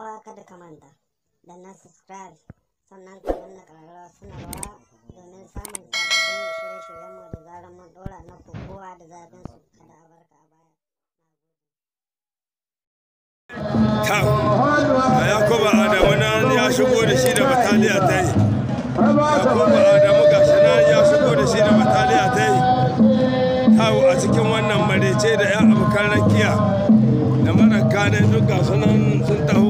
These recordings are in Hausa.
uwa kada ka manta da na subscribe sannan ka danna ƙararrawa sanarwa domin samun sabbin shirye-shiryenmu da zarar mun ɗora na kowa da zafin su kada a barka a baya. a Adamu nan ya shigo da shi da ta yi. Adamu nan ya shigo da shi da ta yi. a cikin wannan marece da 'yan abokan rakiya da mara kanin duka sunan sun taho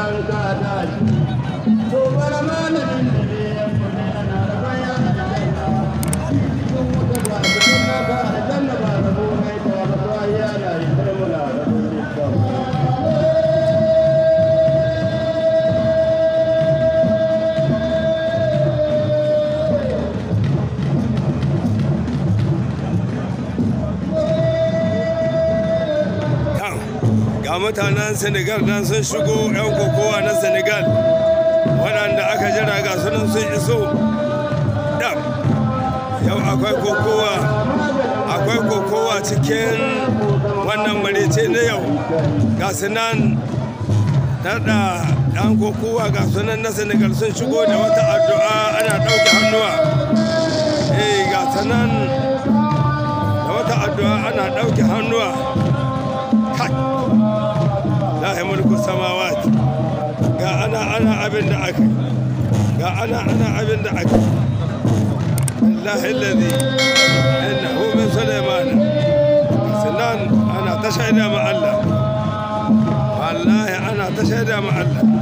a mutanen senegal nan sun shigo 'yan kokowa na senegal waɗanda aka jira ga sunan sun iso dam yau akwai kokowa akwai kokowa cikin wannan marice na yau ga sunan daɗa ɗan kokowa ga sunan na senegal sun shigo da wata addu'a ana ɗauke hannuwa eh ga sunan da wata addu'a ana ɗauke hannuwa انا أبن لك قال انا أبن لك الله الذي انه من سليمان سنان انا تشهد مع الله والله انا تشهد مع الله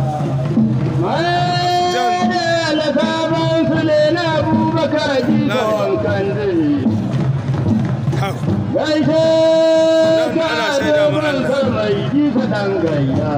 Yeah.